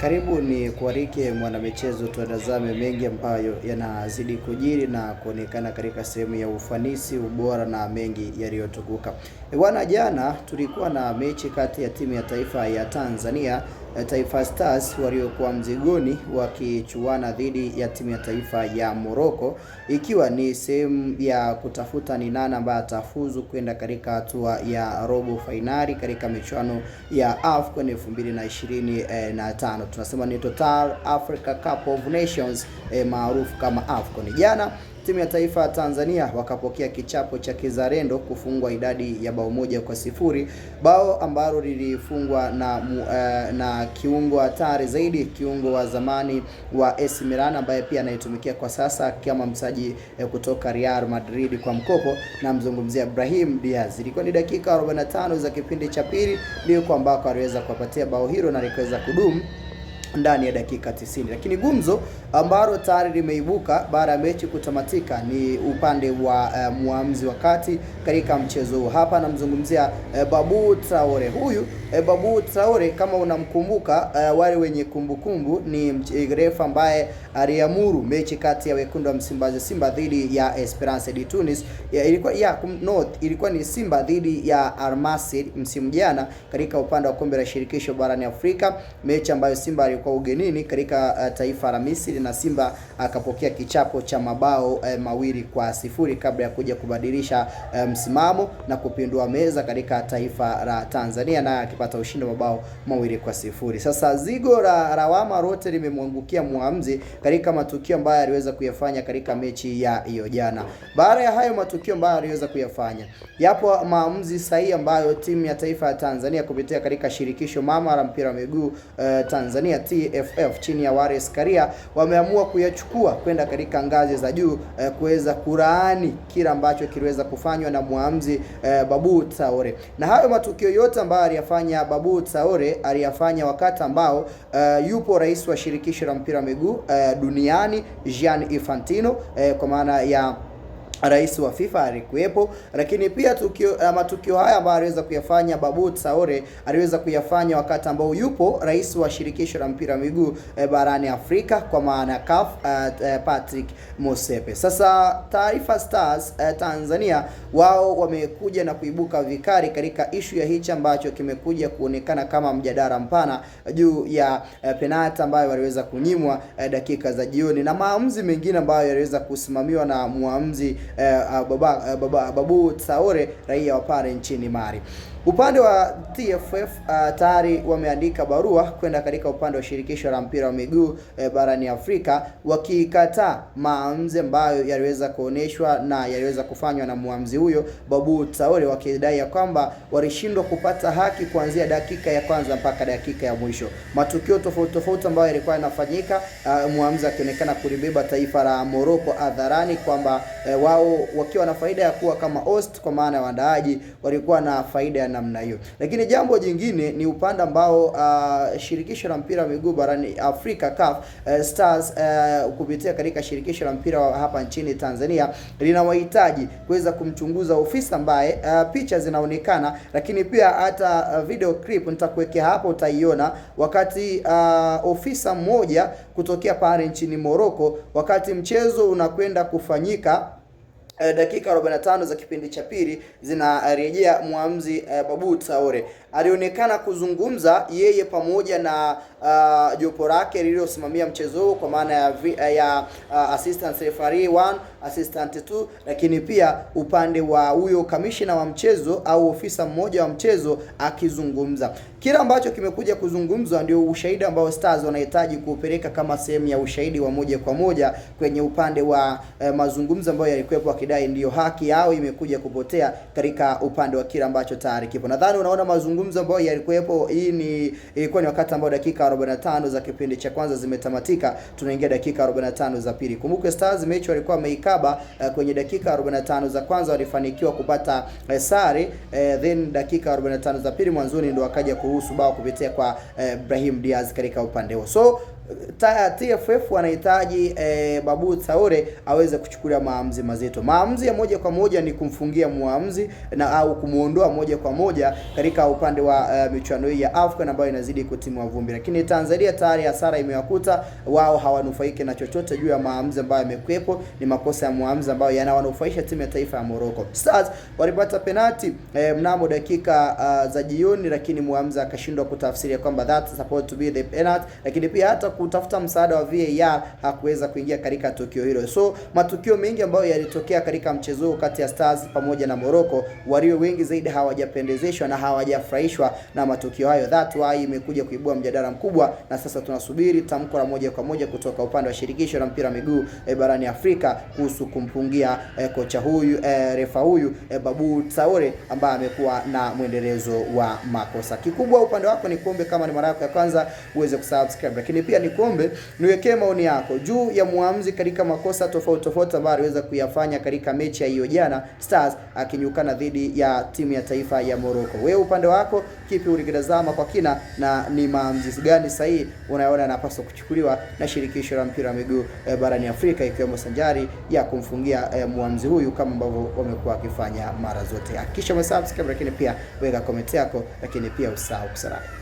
Karibu ni kuarike mwanamichezo, tuatazame mengi ambayo yanazidi kujiri na kuonekana katika sehemu ya ufanisi, ubora na mengi yaliyotukuka. Bwana, jana tulikuwa na mechi kati ya timu ya taifa ya Tanzania Taifa Stars waliokuwa mzigoni wakichuana dhidi ya timu ya taifa ya Morocco, ikiwa ni sehemu ya kutafuta ni nani ambaye atafuzu kwenda katika hatua ya robo fainali katika michuano ya AFCON 2025. Tunasema ni Total Africa Cup of Nations eh, maarufu kama AFCON. Jana timu ya taifa ya Tanzania wakapokea kichapo cha kizalendo kufungwa idadi ya bao moja kwa sifuri, bao ambalo lilifungwa na, uh, na kiungo hatari zaidi, kiungo wa zamani wa AC Milan ambaye pia anaitumikia kwa sasa kama msaji eh, kutoka Real Madrid kwa mkopo, na mzungumzia Ibrahim Diaz. Ilikuwa ni dakika 45 za kipindi cha pili, ndiko ambako aliweza kuwapatia bao hilo na likaweza kudumu ndani ya dakika 90. Lakini gumzo ambalo tayari limeibuka baada ya mechi kutamatika ni upande wa uh, eh, muamzi wa kati katika mchezo huu. Hapa namzungumzia uh, Babu Traore. Huyu uh, Babu Traore kama unamkumbuka, uh, wale wenye kumbukumbu kumbu, ni refa ambaye aliamuru mechi kati ya wekundu wa Msimbazi Simba dhidi ya Esperance de Tunis ya, ilikuwa ya North, ilikuwa ni Simba dhidi ya Al msimu jana katika upande wa kombe la shirikisho barani Afrika, mechi ambayo Simba alikuwa alikuwa ugenini katika uh, taifa la Misri na Simba akapokea kichapo cha mabao uh, mawili kwa sifuri kabla ya kuja kubadilisha uh, msimamo na kupindua meza katika taifa la Tanzania naye akipata ushindi wa mabao mawili kwa sifuri. Sasa zigo la lawama lote limemwangukia mwamuzi katika matukio ambayo aliweza kuyafanya katika mechi ya hiyo jana. Baada ya hayo matukio ambayo aliweza kuyafanya, yapo maamuzi sahihi ambayo timu ya taifa ya Tanzania kupitia katika shirikisho mama la mpira wa miguu uh, Tanzania TFF chini ya Wallace Karia wameamua kuyachukua kwenda katika ngazi za juu eh, kuweza kuraani kila ambacho kiliweza kufanywa na mwaamzi eh, Babu Traore. Na hayo matukio yote ambayo aliyafanya Babu Traore aliyafanya wakati ambao eh, yupo rais wa shirikisho la mpira wa miguu eh, duniani Gianni Infantino eh, kwa maana ya rais wa FIFA alikuwepo, lakini pia tukio eh, matukio haya ambayo aliweza kuyafanya Babu Traore aliweza kuyafanya wakati ambao yupo rais wa shirikisho la mpira wa miguu e, barani Afrika kwa maana CAF e, Patrick Mosepe. Sasa Taifa Stars e, Tanzania wao wamekuja na kuibuka vikali katika ishu ya hichi ambacho kimekuja kuonekana kama mjadala mpana juu ya e, penalti ambayo waliweza kunyimwa e, dakika za jioni na maamuzi mengine ambayo yaliweza kusimamiwa na muamuzi Eh, ah, eh, baba, baba, Babu Traore raia wa pale nchini Mali. Upande wa TFF uh, ah, tayari wameandika barua kwenda katika upande wa shirikisho la mpira wa miguu eh, barani Afrika wakikataa maamuzi ambayo yaliweza kuonyeshwa na yaliweza kufanywa na muamzi huyo Babu Traore, wakidai ya kwamba walishindwa kupata haki kuanzia dakika ya kwanza mpaka dakika ya mwisho. Matukio tofauti tofauti ambayo yalikuwa yanafanyika, uh, ah, muamzi akionekana kulibeba taifa la Morocco hadharani kwamba eh, wao wakiwa na faida ya kuwa kama host, kwa maana ya waandaaji walikuwa na faida ya namna hiyo. Lakini jambo jingine ni upande ambao uh, shirikisho la mpira wa miguu barani Afrika CAF uh, Stars uh, kupitia katika shirikisho la mpira wa hapa nchini Tanzania linawahitaji kuweza kumchunguza ofisa ambaye uh, picha zinaonekana, lakini pia hata uh, video clip nitakuwekea hapo utaiona, wakati uh, ofisa mmoja kutokea pale nchini Morocco wakati mchezo unakwenda kufanyika eh, dakika 45 za kipindi cha pili zinarejea mwamuzi eh, Babu Traore alionekana kuzungumza yeye pamoja na uh, jopo lake lililosimamia mchezo huo kwa maana ya, eh, ya, ya uh, assistant referee 1 assistant 2, lakini pia upande wa huyo kamishina wa mchezo au ofisa mmoja wa mchezo akizungumza. kila ambacho kimekuja kuzungumzwa ndio ushahidi ambao Stars wanahitaji kuupeleka kama sehemu ya ushahidi wa moja kwa moja kwenye upande wa uh, mazungumzo ambayo yalikuwepo wakidai ndiyo haki yao imekuja kupotea katika upande wa kile ambacho tayari kipo. Nadhani unaona mazungumzo ambayo yalikuwepo, hii ni ilikuwa ni wakati ambao dakika 45 za kipindi cha kwanza zimetamatika, tunaingia dakika 45 za pili. Kumbuke Stars mechi walikuwa wameikaba uh, kwenye dakika 45 za kwanza walifanikiwa kupata uh, sare uh, then dakika 45 za pili mwanzoni ndio wakaja kuruhusu bao kupitia kwa uh, Brahim Diaz katika upande huo. So TFF wanahitaji e, Babu Traore aweze kuchukulia maamuzi mazito. Maamuzi ya moja kwa moja ni kumfungia muamuzi na au kumuondoa moja kwa moja katika upande wa e, michuano hii ya Afcon ambayo inazidi kutimua vumbi, lakini Tanzania tayari hasara imewakuta wao, hawanufaiki na chochote juu ya maamuzi ambayo yamekuwepo. Ni makosa ya muamuzi ambayo yanawanufaisha timu ya taifa ya Morocco. Stars walipata penalti e, mnamo dakika uh, za jioni, lakini muamuzi akashindwa kutafsiri kwamba that supposed to be the penalty, lakini pia hata kutafuta msaada wa VAR hakuweza kuingia katika tukio hilo. So matukio mengi ambayo yalitokea katika mchezo kati ya Stars pamoja na Morocco, walio wengi zaidi hawajapendezeshwa na hawajafurahishwa na matukio hayo. That why imekuja kuibua mjadala mkubwa, na sasa tunasubiri tamko la moja kwa moja kutoka upande wa shirikisho la mpira wa miguu e, barani Afrika kuhusu kumpungia e, kocha huyu e, refa huyu e, Babu Traore ambaye amekuwa na mwendelezo wa makosa. Kikubwa upande wako ni kuombe, kama ni mara yako ya kwanza uweze kusubscribe, lakini pia nikuombe niwekee maoni yako juu ya mwamuzi katika makosa tofauti tofauti ambayo aliweza kuyafanya katika mechi ya hiyo jana, Stars akinyukana dhidi ya timu ya taifa ya Morocco. Wewe upande wako kipi ulikitazama kwa kina na ni maamuzi gani sahihi unayoona yanapaswa kuchukuliwa na shirikisho la mpira wa miguu e, barani Afrika ikiwemo sanjari ya kumfungia e, eh, mwamuzi huyu kama ambavyo wamekuwa wakifanya mara zote. Hakikisha umesubscribe, lakini pia weka comment yako, lakini pia usahau kusalamu